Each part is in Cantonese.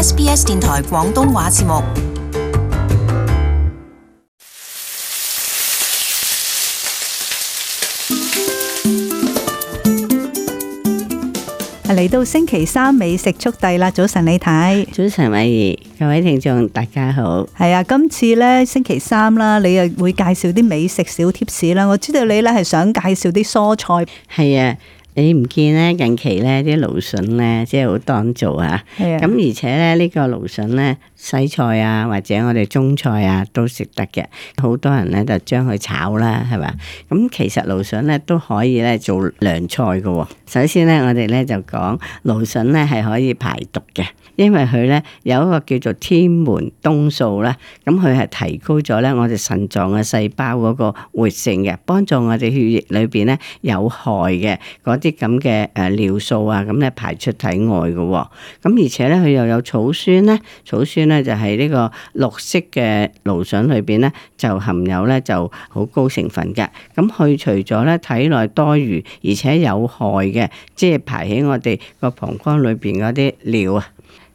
SBS 電台廣東話節目，嚟到星期三美食速遞啦！早晨，李太，早晨，米兒，各位聽眾大家好。係啊，今次咧星期三啦，你又會介紹啲美食小貼士啦。我知道你咧係想介紹啲蔬菜，係啊。你唔見咧，近期咧啲蘆筍咧，即係好當造啊，咁而且咧，呢個蘆筍咧，西菜啊，或者我哋中菜啊，都食得嘅。好多人呢，就將佢炒啦，係嘛？咁、嗯、其實蘆筍呢，都可以呢做涼菜嘅、哦。首先呢，我哋呢就講蘆筍呢係可以排毒嘅，因為佢呢有一個叫做天門冬素啦。咁佢係提高咗呢我哋腎臟嘅細胞嗰個活性嘅，幫助我哋血液裏邊呢有害嘅嗰啲咁嘅誒尿素啊咁呢排出體外嘅、哦。咁而且呢，佢又有草酸呢。草酸。呢就係呢個綠色嘅蘆筍裏邊呢，就含有呢就好高成分嘅，咁去除咗呢體內多餘而且有害嘅，即係排喺我哋個膀胱裏邊嗰啲尿啊，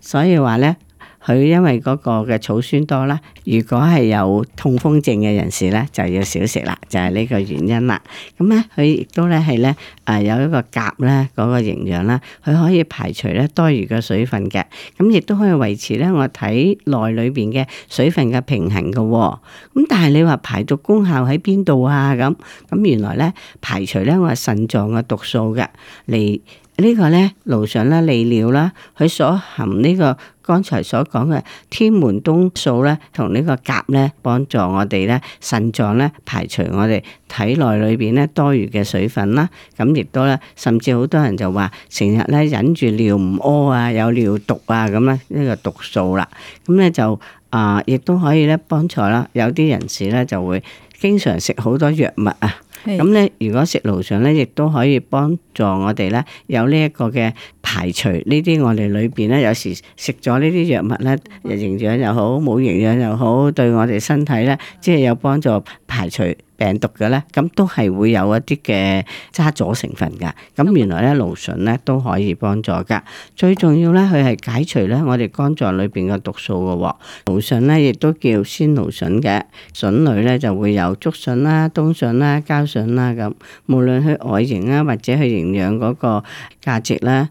所以話呢。佢因為嗰個嘅草酸多啦，如果係有痛風症嘅人士咧，就要少食啦，就係、是、呢個原因啦。咁、嗯、咧，佢亦都咧係咧，誒有一個鉀咧嗰、那個營養啦，佢可以排除咧多餘嘅水分嘅，咁亦都可以維持咧我體內裏邊嘅水分嘅平衡嘅、哦。咁但係你話排毒功效喺邊度啊？咁咁原來咧排除咧我腎臟嘅毒素嘅嚟。個呢個咧，路上咧，利尿啦，佢所含呢個剛才所講嘅天門冬素咧，同呢個鉀咧，幫助我哋咧腎臟咧排除我哋體內裏邊咧多餘嘅水分啦。咁亦都咧，甚至好多人就話，成日咧忍住尿唔屙啊，有尿毒啊，咁咧呢、這個毒素啦。咁咧就啊，亦、呃、都可以咧幫助啦。有啲人士咧就會經常食好多藥物啊。咁咧，如果食蘆筍咧，亦都可以幫助我哋咧，有呢一個嘅。排除呢啲我哋裏邊咧，有時食咗呢啲藥物咧，營養又好，冇營養又好，對我哋身體咧，即係有幫助排除病毒嘅咧，咁都係會有一啲嘅渣阻成分㗎。咁原來咧，蘆筍咧都可以幫助㗎。最重要咧，佢係解除咧我哋肝臟裏邊嘅毒素嘅喎。蘆筍咧，亦都叫鮮蘆筍嘅筍類咧，就會有竹筍啦、冬筍啦、膠筍啦咁。無論佢外形啊，或者佢營養嗰個價值啦。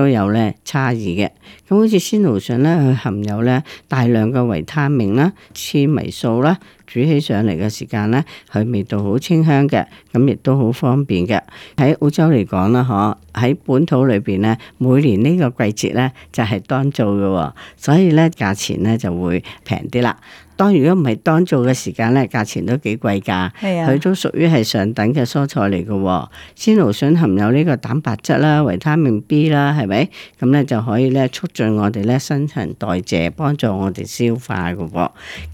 都有咧差異嘅，咁好似鮮蘆筍咧，佢含有咧大量嘅維他命啦、纖維素啦，煮起上嚟嘅時間咧，佢味道好清香嘅，咁亦都好方便嘅。喺澳洲嚟講啦，喺本土裏邊咧，每年呢個季節咧就係當造嘅，所以咧價錢咧就會平啲啦。當如果唔係當造嘅時間咧，價錢都幾貴㗎。係啊，佢都屬於係上等嘅蔬菜嚟嘅。鮮蘆筍含有呢個蛋白質啦、維他命 B 啦，係。咁咧就可以咧促進我哋咧新陳代謝，幫助我哋消化噶喎。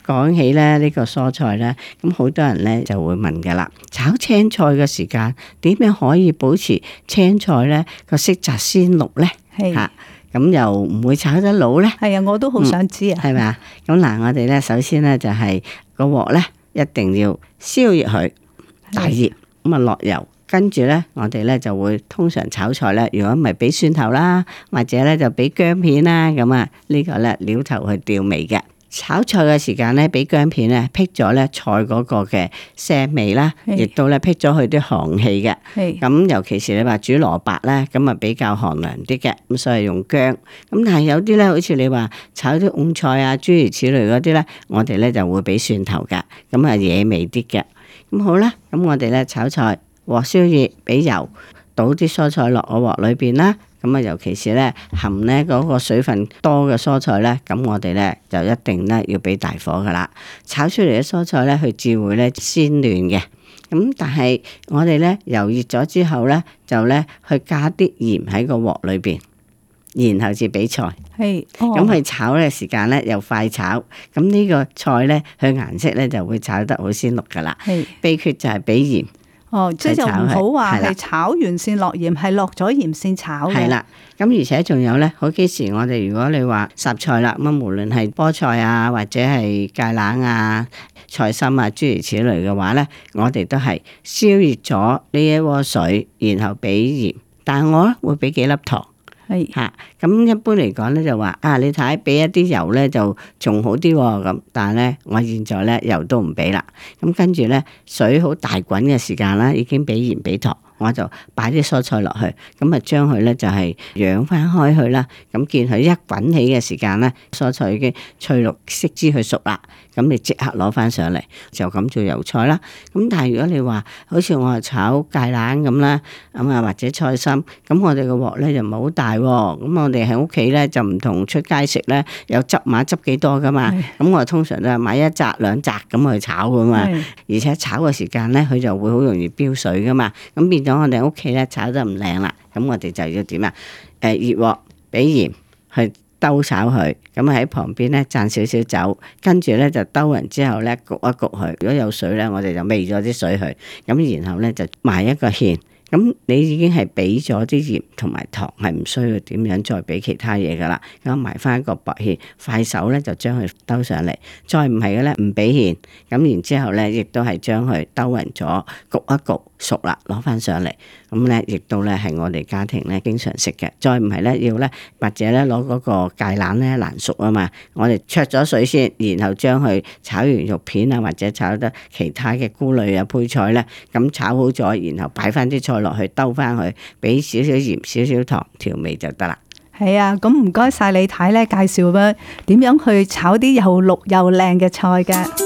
講起咧呢個蔬菜咧，咁好多人咧就會問嘅啦。炒青菜嘅時間點樣可以保持青菜咧個色澤鮮綠咧？嚇咁是、啊、又唔會炒得老咧？係啊，我都好想知啊。係咪、嗯？咁嗱，我哋咧首先咧就係個鑊咧一定要燒熱佢，大熱咁啊的落油。跟住咧，我哋咧就會通常炒菜咧，如果唔係俾蒜頭啦，或者咧就俾薑片啦，咁啊呢個咧料頭去調味嘅炒菜嘅時間咧，俾薑片咧辟咗咧菜嗰個嘅腥味啦，亦都咧辟咗佢啲寒氣嘅。咁是尤其是你話煮蘿蔔咧，咁啊比較寒涼啲嘅，咁所以用薑。咁但係有啲咧，好似你話炒啲五菜啊，諸如此類嗰啲咧，我哋咧就會俾蒜頭噶，咁啊惹味啲嘅。咁好啦，咁我哋咧炒菜。鑊燒熱，俾油，倒啲蔬菜落個鑊裏邊啦。咁啊，尤其是咧含咧嗰個水分多嘅蔬菜咧，咁我哋咧就一定咧要俾大火噶啦。炒出嚟嘅蔬菜咧，佢至會咧鮮嫩嘅。咁但係我哋咧油熱咗之後咧，就咧去加啲鹽喺個鑊裏邊，然後至俾菜。係，咁、哦、去炒嘅時間咧又快炒。咁呢個菜咧，佢顏色咧就會炒得好鮮綠噶啦。係是，秘訣就係俾鹽。哦，即係就唔好話係炒完先落鹽，係落咗鹽先炒嘅。係啦，咁而且仲有咧，好幾時我哋如果你話什菜啦，咁無論係菠菜啊，或者係芥蘭啊、菜心啊，諸如此類嘅話咧，我哋都係燒熱咗呢一鍋水，然後俾鹽，但係我咧會俾幾粒糖。係吓，咁一般嚟講咧就話啊，你睇俾一啲油咧就仲好啲喎。哦，咁但係咧我現在咧油都唔俾啦，咁跟住咧水好大滾嘅時間啦，已經俾鹽俾糖。我就擺啲蔬菜落去，咁啊將佢咧就係、是、養翻開去啦。咁見佢一滾起嘅時間咧，蔬菜已經翠綠色之去熟啦。咁你即刻攞翻上嚟就咁做油菜啦。咁但係如果你話好似我係炒芥蘭咁啦，咁啊或者菜心，咁我哋個鑊咧就唔係好大喎。咁我哋喺屋企咧就唔同出街食咧，有執馬執幾多噶嘛。咁是我通常都係買一扎兩扎咁去炒噶嘛。是而且炒嘅時間咧，佢就會好容易飆水噶嘛。咁變。咗我哋屋企咧炒得唔靚啦，咁我哋就要點啊？誒、呃，熱鑊，俾鹽去兜炒佢，咁喺旁邊咧灒少少酒，跟住咧就兜匀之後咧焗一焗佢。如果有水咧，我哋就微咗啲水佢，咁然後咧就埋一個芡。咁你已經係俾咗啲鹽同埋糖，係唔需要點樣再俾其他嘢噶啦。咁我埋翻一個薄芡，快手咧就將佢兜上嚟。再唔係嘅咧，唔俾芡。咁然之後咧，亦都係將佢兜匀咗，焗一焗。熟啦，攞翻上嚟，咁呢，亦都呢，係我哋家庭呢經常食嘅。再唔係呢，要呢，或者呢，攞嗰個芥蘭呢，難熟啊嘛，我哋焯咗水先，然後將佢炒完肉片啊，或者炒得其他嘅菇類啊配菜呢，咁炒好咗，然後擺翻啲菜落去兜翻佢，俾少少鹽、少少糖調味就得啦。係啊，咁唔該晒你睇呢，介紹乜點樣去炒啲又綠又靚嘅菜噶。